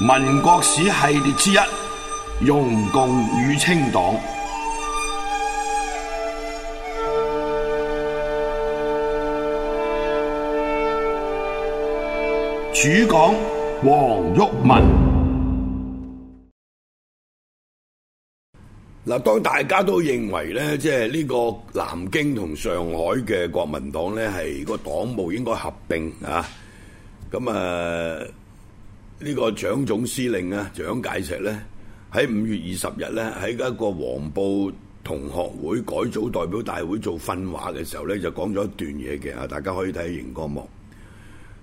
民國史系列之一，容共與清黨，主講黃毓民。嗱，當大家都認為咧，即係呢個南京同上海嘅國民黨咧，係個黨務應該合併啊，咁啊。呃呢個蔣總司令啊，蔣介石呢，喺五月二十日呢，喺一個黃埔同學會改組代表大會做訓話嘅時候呢，就講咗一段嘢嘅啊，大家可以睇下熒光幕。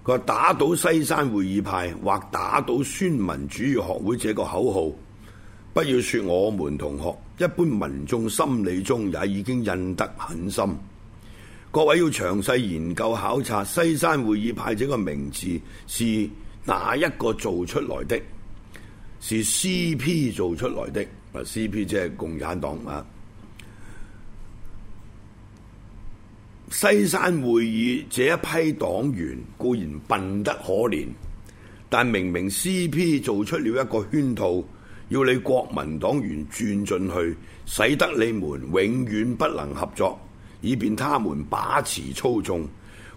佢話：打倒西山會議派或打倒孫文主義學會這個口號，不要說我們同學，一般民眾心理中也已經印得很深。各位要詳細研究考察西山會議派這個名字是哪一個做出來的？是 CP 做出來的。啊，CP 即係共產黨啊。西山會議這一批黨員固然笨得可憐，但明明 CP 做出了一個圈套，要你國民黨員轉進去，使得你們永遠不能合作，以便他們把持操縱。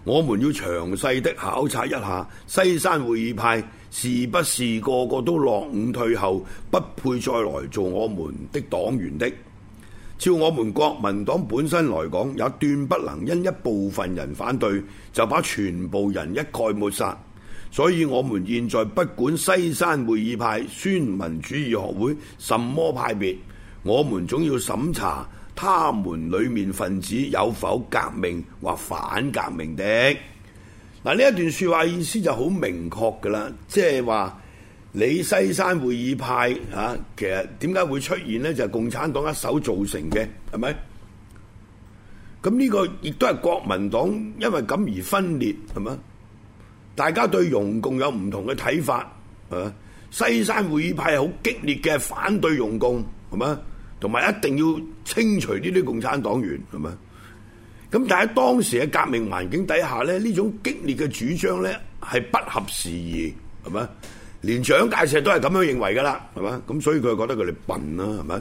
我們要詳細的考察一下西山會議派是不是個個都落伍退後，不配再來做我們的黨員的。照我們國民黨本身來講，也斷不能因一部分人反對，就把全部人一概抹殺。所以我們現在不管西山會議派、孫文主義學會什麼派別，我們總要審查。他們裏面分子有否革命或反革命的？嗱，呢一段說話意思就好明確噶啦，即係話你西山會議派吓、啊，其實點解會出現呢？就係、是、共產黨一手造成嘅，係咪？咁呢個亦都係國民黨因為咁而分裂，係嘛？大家對容共有唔同嘅睇法，啊，西山會議派係好激烈嘅反對容共，係嘛？同埋一定要清除呢啲共產黨員，係咪？咁但喺當時嘅革命環境底下咧，呢種激烈嘅主張咧係不合時宜，係咪？連蔣介石都係咁樣認為噶啦，係咪？咁所以佢覺得佢哋笨啦，係咪？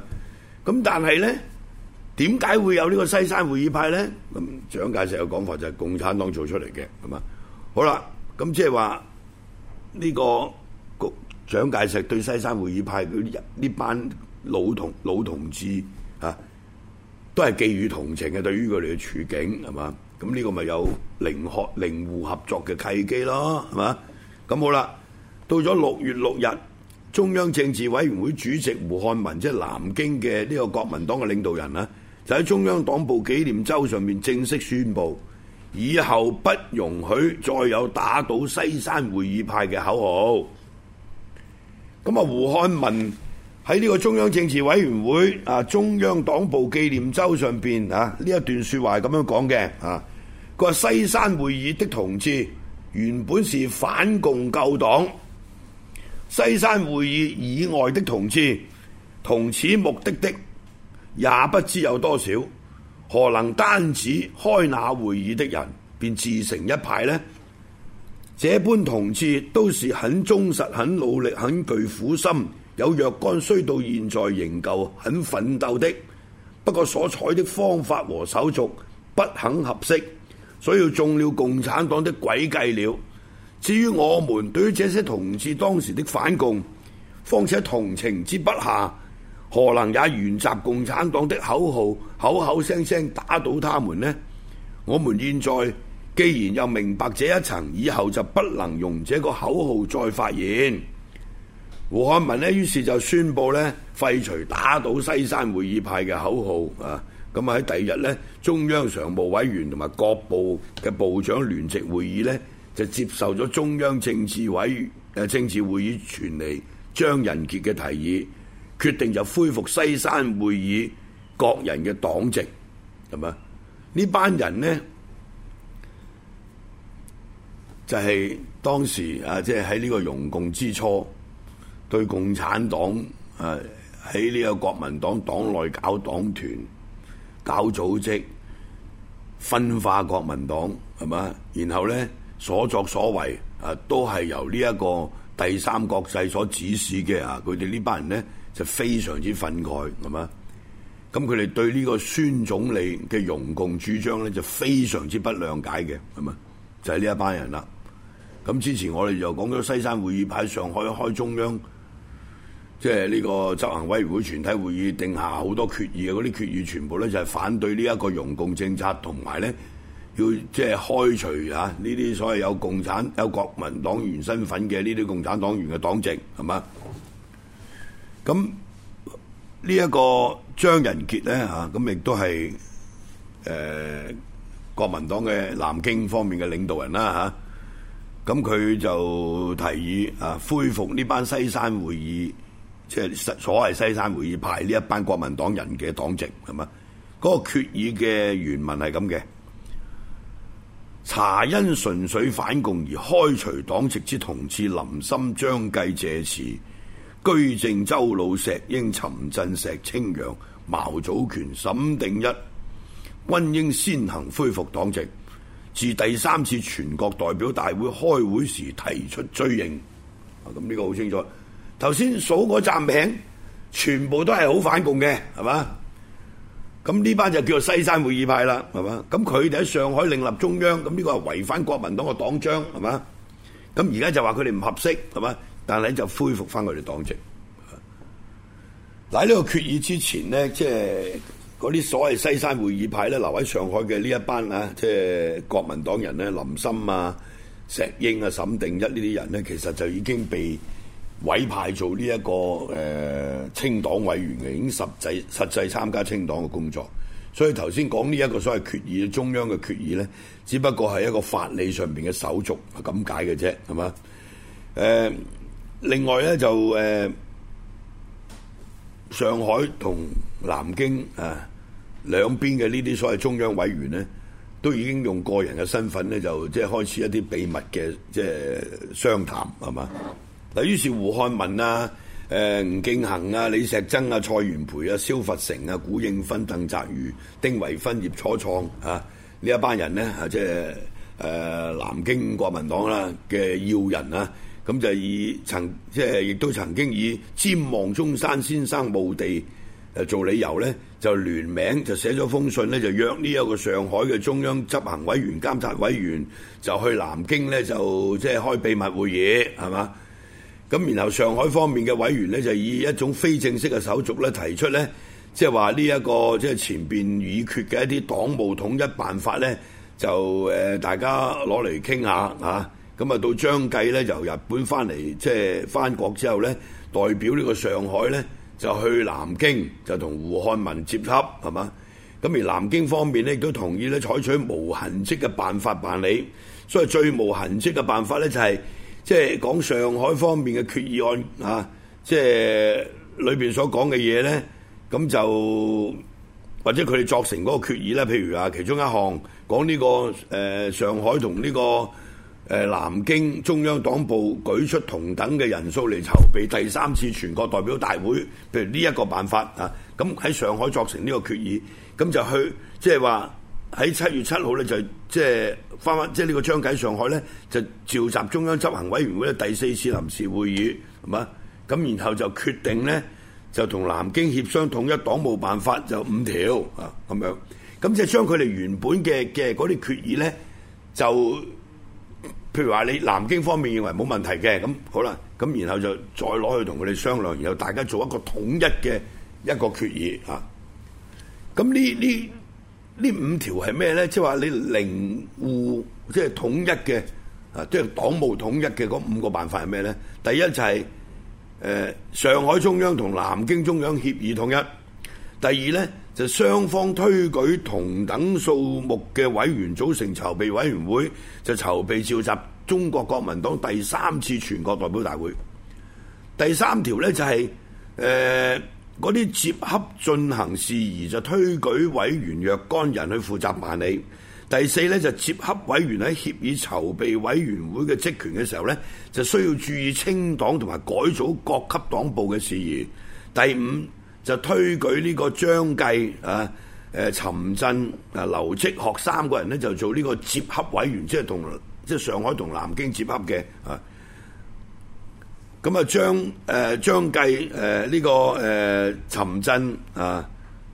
咁但係咧，點解會有呢個西山會議派咧？咁蔣介石嘅講法就係共產黨做出嚟嘅，係嘛？好啦，咁即係話呢個蔣介石對西山會議派佢呢班。老同老同志啊，都係寄予同情嘅，對於佢哋嘅處境係嘛？咁呢個咪有寧漢寧滬合作嘅契機咯，係嘛？咁好啦。到咗六月六日，中央政治委員會主席胡漢民即係南京嘅呢個國民黨嘅領導人啦，啊，就喺中央黨部紀念周上面正式宣布，以後不容許再有打倒西山會議派嘅口號。咁啊，胡漢民。喺呢個中央政治委員會啊，中央黨部紀念周上邊啊，呢一段說話係咁樣講嘅啊。佢話西山會議的同志原本是反共救黨，西山會議以外的同志，同此目的的也不知有多少，何能單指開那會議的人便自成一派呢？這般同志都是很忠實、很努力、很具苦心。有若干雖到現在仍舊很奮鬥的，不過所採的方法和手續不肯合適，所以中了共產黨的詭計了。至於我們對於這些同志當時的反共，況且同情之不下，何能也沿襲共產黨的口號，口口聲聲打倒他們呢？我們現在既然又明白這一層，以後就不能用這個口號再發言。胡漢民咧，於是就宣佈咧廢除打倒西山會議派嘅口號啊！咁喺第二日咧，中央常務委員同埋各部嘅部長聯席會議咧，就接受咗中央政治委誒、啊、政治會議傳嚟張人傑嘅提議，決定就恢復西山會議各人嘅黨籍，係咪啊？呢班人呢，就係、是、當時啊，即係喺呢個容共之初。對共產黨誒，喺呢個國民黨黨內搞黨團、搞組織，分化國民黨係嘛？然後呢，所作所為誒、啊、都係由呢一個第三國際所指示嘅啊！佢哋呢班人呢，就非常之憤慨係嘛？咁佢哋對呢個孫總理嘅容共主張呢，就非常之不諒解嘅係嘛？就係、是、呢一班人啦。咁之前我哋又講咗西山會議派上海開中央。即係呢個執行委員會全體會議定下好多決議，嘅嗰啲決議，全部咧就係、是、反對呢一個容共政策，同埋咧要即係開除嚇呢啲所謂有共產有國民黨員身份嘅呢啲共產黨員嘅黨籍，係嘛？咁呢一個張人傑咧嚇，咁、啊、亦都係誒、呃、國民黨嘅南京方面嘅領導人啦嚇。咁、啊、佢就提議啊恢復呢班西山會議。即係所謂西山會議派呢一班國民黨人嘅黨籍係嘛？嗰、那個決議嘅原文係咁嘅：查因純粹反共而開除黨籍之同志林森、張繼、謝持、居正、鄒魯、石瑛、覃振、石青陽、茅祖權、沈定一，均應先行恢復黨籍，至第三次全國代表大會開會時提出追認。啊，咁呢個好清楚。頭先數嗰站名，全部都係好反共嘅，係嘛？咁呢班就叫做西山會議派啦，係嘛？咁佢哋喺上海另立中央，咁呢個係違反國民黨嘅黨章，係嘛？咁而家就話佢哋唔合適，係嘛？但係咧就恢復返佢哋黨籍。喺呢個決議之前呢，即係嗰啲所謂西山會議派咧，留喺上海嘅呢一班啊，即係國民黨人咧，林森啊、石英啊、沈定一呢啲人咧，其實就已經被委派做呢、這、一個誒、呃、清黨委員嘅，已經實際實際參加清黨嘅工作。所以頭先講呢一個所謂決議，中央嘅決議呢，只不過係一個法理上面嘅手續，係咁解嘅啫，係嘛？誒、呃，另外呢，就誒、呃，上海同南京啊兩邊嘅呢啲所謂中央委員呢，都已經用個人嘅身份呢，就即係、就是、開始一啲秘密嘅即、就是、商談，係嘛？嗱，於是胡漢民啊、誒、呃、吳敬恒啊、李石曾啊、蔡元培啊、蕭佛成啊、古應芬、鄧澤如、丁惟汾、葉楚傖啊呢一班人呢，啊即係誒、呃、南京國民黨啦嘅要人啊，咁就以曾即係亦都曾經以瞻望中山先生墓地誒做理由咧，就聯名就寫咗封信咧，就約呢一個上海嘅中央執行委員監察委員就去南京咧，就即係開秘密會議，係嘛？咁然後上海方面嘅委員咧就以一種非正式嘅手續咧提出咧，即係話呢一個即係前面議決嘅一啲黨務統一辦法咧，就誒、呃、大家攞嚟傾下嚇。咁啊到張繼咧由日本翻嚟，即係翻國之後咧，代表呢個上海咧就去南京就同胡漢民接洽，係嘛？咁而南京方面咧亦都同意咧採取無痕跡嘅辦法辦理，所以最無痕跡嘅辦法咧就係、是。即係講上海方面嘅決議案啊，即係裏邊所講嘅嘢呢，咁就或者佢哋作成嗰個決議呢，譬如啊，其中一項講呢個誒上海同呢個誒南京中央黨部舉出同等嘅人數嚟籌備第三次全國代表大會，譬如呢一個辦法啊，咁喺上海作成呢個決議，咁就去即係話。就是喺七月七號咧，就是、即係翻翻即係呢個張繼上海咧，就召集中央執行委員會嘅第四次臨時會議，係嘛？咁然後就決定咧，就同南京協商統一黨務辦法，就五條啊咁樣。咁即係將佢哋原本嘅嘅嗰啲決議咧，就譬如話你南京方面認為冇問題嘅，咁好啦。咁然後就再攞去同佢哋商量，然後大家做一個統一嘅一個決議啊。咁呢呢？呢五條係咩呢？即係話你寧滬，即係統一嘅，啊，即係黨務統一嘅嗰五個辦法係咩呢？第一就係、是、誒、呃、上海中央同南京中央協議統一。第二呢，就雙方推舉同等數目嘅委員組成籌備委員會，就籌備召集中國國民黨第三次全國代表大會。第三條呢，就係、是、誒。呃嗰啲接洽進行事宜就推舉委員若干人去負責辦理。第四咧，就接洽委員喺協議籌備委員會嘅職權嘅時候咧，就需要注意清黨同埋改組各級黨部嘅事宜。第五就推舉呢個張繼啊、誒陳振啊、劉積學三個人咧就做呢個接洽委員，即係同即係上海同南京接洽嘅啊。咁啊，張誒張繼誒呢個誒、呃、覃振啊、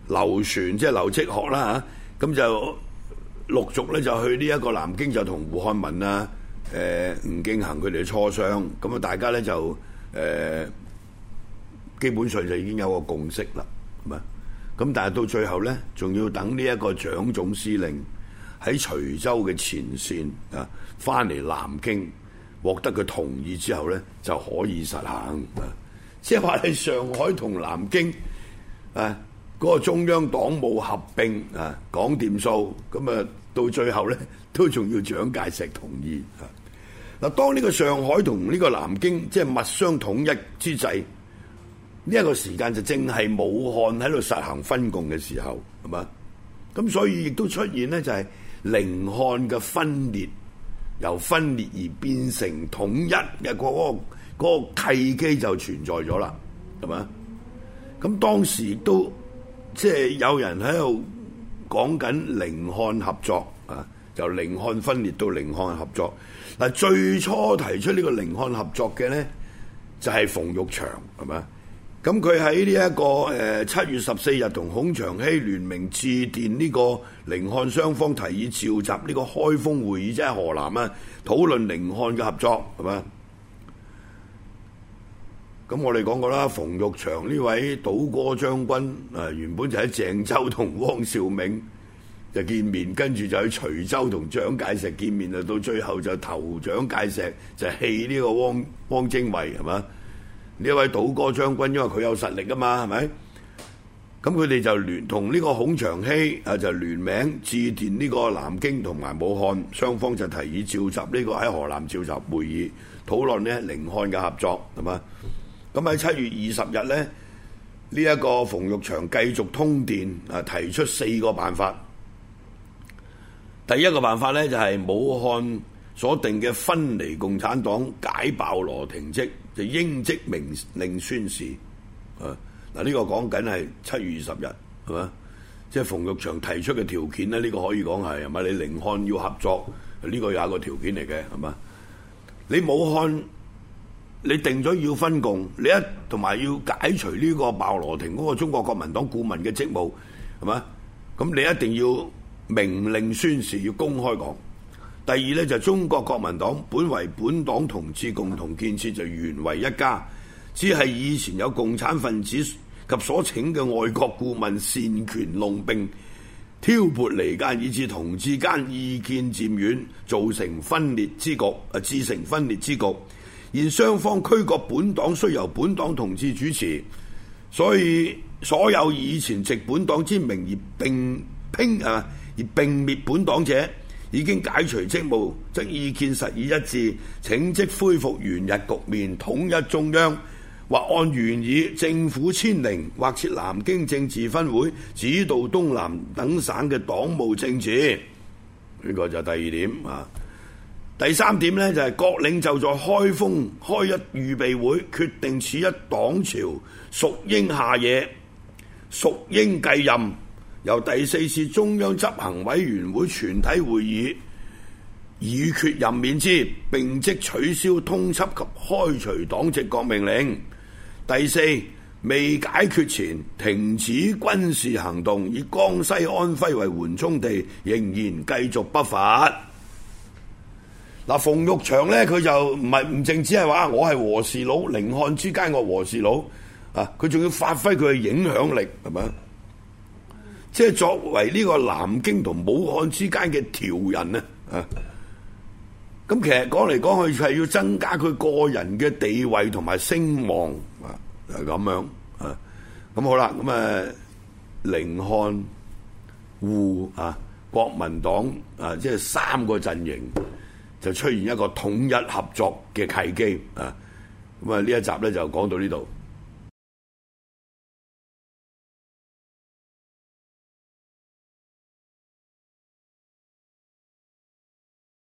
劉船即係劉積學啦嚇，咁、啊、就、啊、陸續咧就去呢一個南京就同胡漢民啊、誒吳敬恒佢哋磋商，咁啊大家咧就誒、啊、基本上就已經有個共識啦，咁啊，咁但係到最後咧，仲要等呢一個蔣總司令喺徐州嘅前線啊，翻嚟南京。獲得佢同意之後咧，就可以實行啊！即係話係上海同南京啊，嗰、那個中央黨務合並啊，講掂數咁啊，到最後咧都仲要蔣介石同意啊！嗱，當呢個上海同呢個南京即係密相統一之際，呢、這、一個時間就正係武漢喺度實行分共嘅時候，係嘛？咁所以亦都出現呢，就係、是、寧漢嘅分裂。由分裂而變成統一嘅嗰個嗰個契機就存在咗啦，係咪啊？咁當時都即係有人喺度講緊寧漢合作啊，就寧漢分裂到寧漢合作。嗱、啊、最初提出呢個寧漢合作嘅咧，就係、係、馮玉祥，係咪啊？咁佢喺呢一個誒七月十四日同孔祥熙聯名致電呢個寧漢雙方，提議召集呢個開封會議，即係河南啊，討論寧漢嘅合作，係嘛？咁我哋講過啦，馮玉祥呢位倒戈將軍啊，原本就喺鄭州同汪兆銘就見面，跟住就喺徐州同蔣介石見面啊，到最後就投蔣介石，就棄呢個汪汪精衛，係嘛？呢位倒戈將軍，因為佢有實力㗎嘛，係咪？咁佢哋就聯同呢個孔祥熙啊，就聯名致電呢個南京同埋武漢雙方，就提議召集呢、這個喺河南召集會議，討論呢寧漢嘅合作，係嘛？咁喺七月二十日呢，呢、這、一個馮玉祥繼續通電啊，提出四個辦法。第一個辦法呢，就係、是、武漢所定嘅分離共產黨、解鮑羅廷職。就應即明令宣示，啊嗱呢、這個講緊係七月二十日，係嘛？即係馮玉祥提出嘅條件咧，呢、這個可以講係，唔係你寧漢要合作，呢、這個又係一個條件嚟嘅，係嘛？你武漢你定咗要分共，你一同埋要解除呢個鮑羅廷嗰個中國國民黨顧問嘅職務，係嘛？咁你一定要明令宣示，要公開講。第二呢，就係、中國國民黨本為本黨同志共同建設，就原為一家，只係以前有共產分子及所請嘅外國顧問擅權弄兵，挑撥離間，以致同志間意見漸遠，造成分裂之局啊，自成分裂之局。而雙方區隔本黨，須由本黨同志主持，所以所有以前藉本黨之名而並拼啊而並滅本黨者。已經解除職務，則意見實以一致，請即恢復原日局面，統一中央，或按原意政府簽訂，或設南京政治分會指導東南等省嘅黨務政治。呢個就第二點啊。第三點呢，就係、是、各領袖在開封開一預備會，決定此一黨潮，孰應下野，孰應繼任。由第四次中央執行委員會全體會議議決任免之，並即取消通緝及開除黨籍各命令。第四，未解決前停止軍事行動，以江西安徽為緩衝地，仍然繼續不發。嗱，馮玉祥呢，佢就唔係唔淨止係話，我係和事佬，寧漢之間個和事佬啊！佢仲要發揮佢嘅影響力，係咪即係作為呢個南京同武漢之間嘅調人呢，啊，咁其實講嚟講去就係要增加佢個人嘅地位同埋聲望啊，咁樣啊，咁好啦，咁啊，寧漢滬啊，國民黨啊，即係三個陣營就出現一個統一合作嘅契機啊，咁啊呢一集咧就講到呢度。